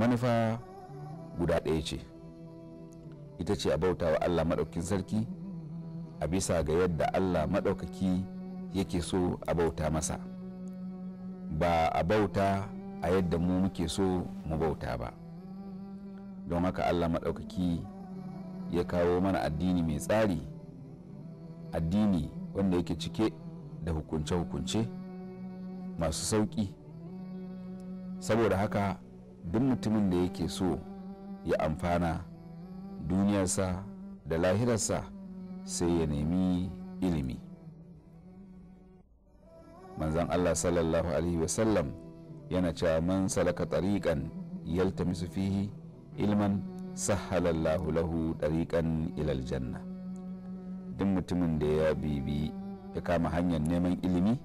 manufa guda ɗaya ce ita ce a bauta wa allah maɗaukin sarki a bisa ga yadda allah maɗaukaki yake so a bauta masa ba a bauta a yadda mu muke so mu bauta ba don haka allah maɗaukaki ya kawo mana addini mai tsari addini wanda yake cike da hukunce-hukunce masu sauƙi saboda haka duk mutumin da yake so ya amfana duniyarsa da lahirarsa sai ya nemi ilimi manzan allah sallallahu alaihi wasallam yana cewa man salaka tariƙan yaltamisu fihi ilman sahhalallahu lahu tariƙan ilal janna duk mutumin da ya bibi ya kama hanyar neman ilimi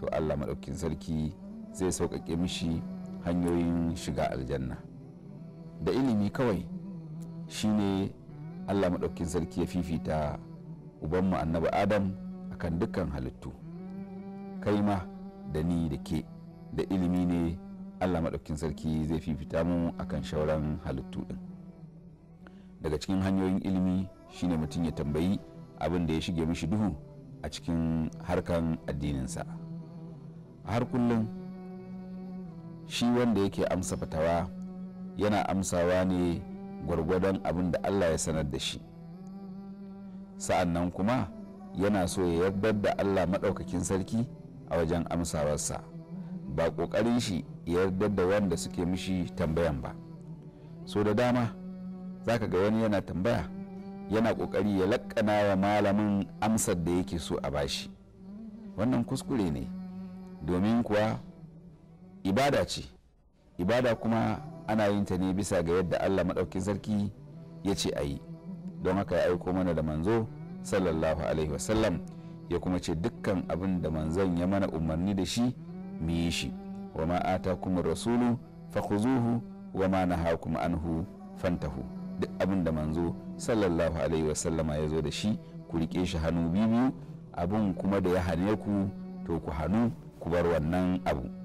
to allah maɗaukin sarki zai sauƙaƙe mishi hanyoyin shiga aljanna da ilimi kawai shine allah maɗaukin sarki ya fifita ubanmu annabi adam akan dukkan halittu kai ma da ni da ke da ilimi ne allah maɗaukin sarki zai fifita mu akan shauran halittu ɗin daga cikin hanyoyin ilimi shine mutum ya tambayi abin da ya shige mishi duhu a cikin harkan addininsa a har kullum shi wanda yake amsa fatawa yana amsawa ne gwargwadon abin da Allah ya sanar da shi sa'an nan kuma yana so ya yarda da Allah maɗaukakin sarki a wajen amsawarsa ba ƙoƙarin shi ya yarda da wanda suke mishi tambayan ba so da dama za ka ga wani yana tambaya yana ƙoƙari ya laƙana wa malamin amsar da yake so a bashi wannan kuskure ne domin kuwa ibada ce ibada kuma ana yin ta ne bisa ga yadda allah maɗaukin sarki ya ce a yi don haka ya aiko mana da manzo sallallahu alaihi wasallam ya kuma ce dukkan abin da manzon ya mana umarni da shi mu yi shi wa ma kuma rasulu fakhuzuhu wa ma na nahakum anhu fantahu duk abin da manzo sallallahu alaihi wasallam ya zo da shi ku rike shi hannu biyu abin kuma da ya hane ku to ku hannu ku bar wannan abu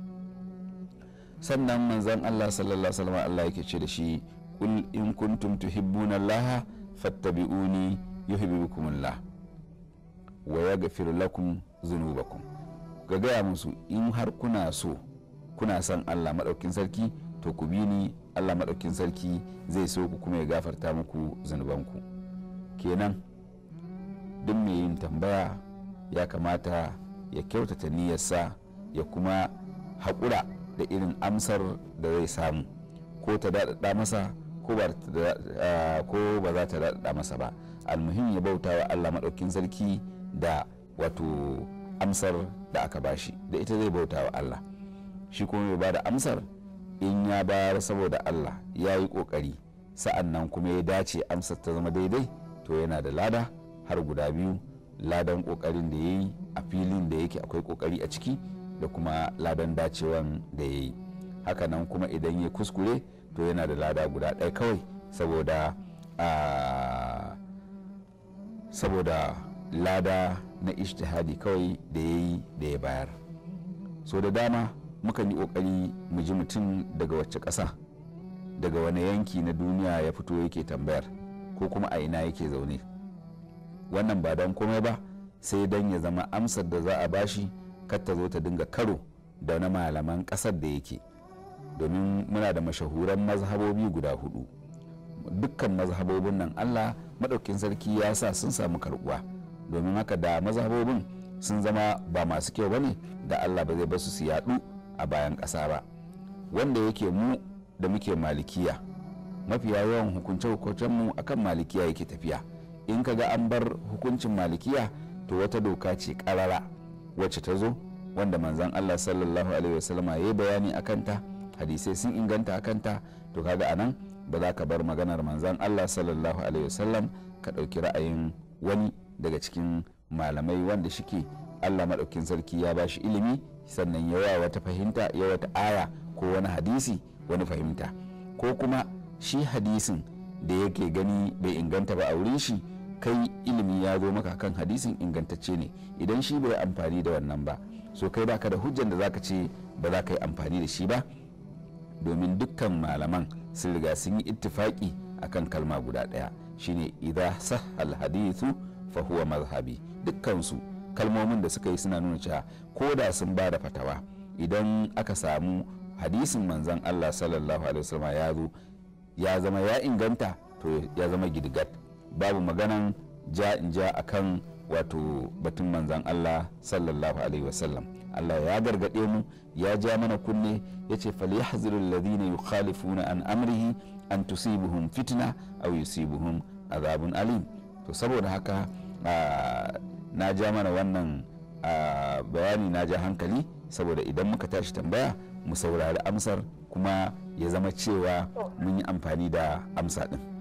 sannan manzan Allah sallallahu alaihi wasallam Allah yake ce da shi kul in kuntum tuhibbuna Allah fattabi'uni yuhibbukumullah wa yaghfir lakum dhunubakum ga gaya musu in har kuna so kuna san Allah madaukin sarki to ku bi ni Allah madaukin sarki zai so ku kuma ya gafarta muku zanubanku kenan duk mai yin tambaya ya kamata ya kyautata niyyarsa ya kuma haƙura da irin amsar da zai samu ko ta daɗaɗa masa ko ba za ta daɗaɗa masa ba almuhim ya bauta wa allah maɗaukin sarki da wato amsar da aka bashi da ita zai bauta wa allah shi kuma ya ba da amsar in ya bayar saboda allah ya yi ƙoƙari sa'an nan kuma ya dace amsar ta zama daidai to yana da lada har guda biyu ladan ƙoƙarin da ya yi a filin da yake akwai ƙoƙari a ciki da kuma ladan dacewan da ya yi hakanan kuma idan ya kuskure to yana da lada guda ɗaya kawai saboda saboda lada na ishtihadi kawai da ya yi da ya bayar so da dama mukan yi ƙoƙari mu ji mutum daga wacce ƙasa daga wani yanki na duniya ya fito yake tambayar ko kuma a ina yake zaune wannan ba don komai ba sai don ya zama amsar da za a bashi kar ta zo ta dinga karo da na malaman ƙasar da yake domin muna da mashahuran mazhabobi guda hudu dukkan mazhabobin nan allah maɗaukin sarki ya sa sun samu karbuwa domin haka da mazhabobin sun zama ba masu kyau ba ne da allah ba zai basu su yaɗu a bayan ƙasa ba wanda yake mu da muke malikiya mafiya yawan hukunce hukuncen mu akan malikiya yake tafiya in kaga an bar hukuncin malikiya to wata doka ce ƙarara wacce ta zo wanda manzan Allah sallallahu alaihi wasallama ya yi bayani a kanta hadisai sun inganta a kanta to kaga nan ba za ka bar maganar manzan Allah sallallahu alaihi wasallam ka ɗauki ra'ayin wani daga cikin malamai wanda shike Allah maɗaukin sarki ya ba shi ilimi sannan ya yawa wata fahimta ya wata aya ko wani hadisi wani fahimta ko kuma shi hadisin da yake gani bai inganta ba a wurin shi kai ilimi ya zo maka kan hadisin ingantacce ne idan shi bai amfani da wannan ba so kai baka da hujjan da ka ce ba za ka yi amfani da shi ba domin dukkan malaman sun riga sun yi ittifaki akan kalma guda ɗaya shine idza sahal hadithu fa huwa mazhabi dukkan kalmomin da suka yi suna nuna cewa ko da sun ba da fatawa idan aka samu hadisin manzon Allah sallallahu alaihi wasallam ya zo ya zama ya inganta to ya zama gidgat babu maganan ja in ja a kan wato batun manzan Allah sallallahu alaihi wasallam Allah ya gargaɗe mu ya ja mana kunne ya ce ladina alladhina na an amrihi an tusibuhum fitna aw yusibuhum azabun alim to saboda haka na ja mana wannan bayani na ja hankali saboda idan muka tashi tambaya mu saurari amsar kuma ya zama cewa mun yi amfani da amsa din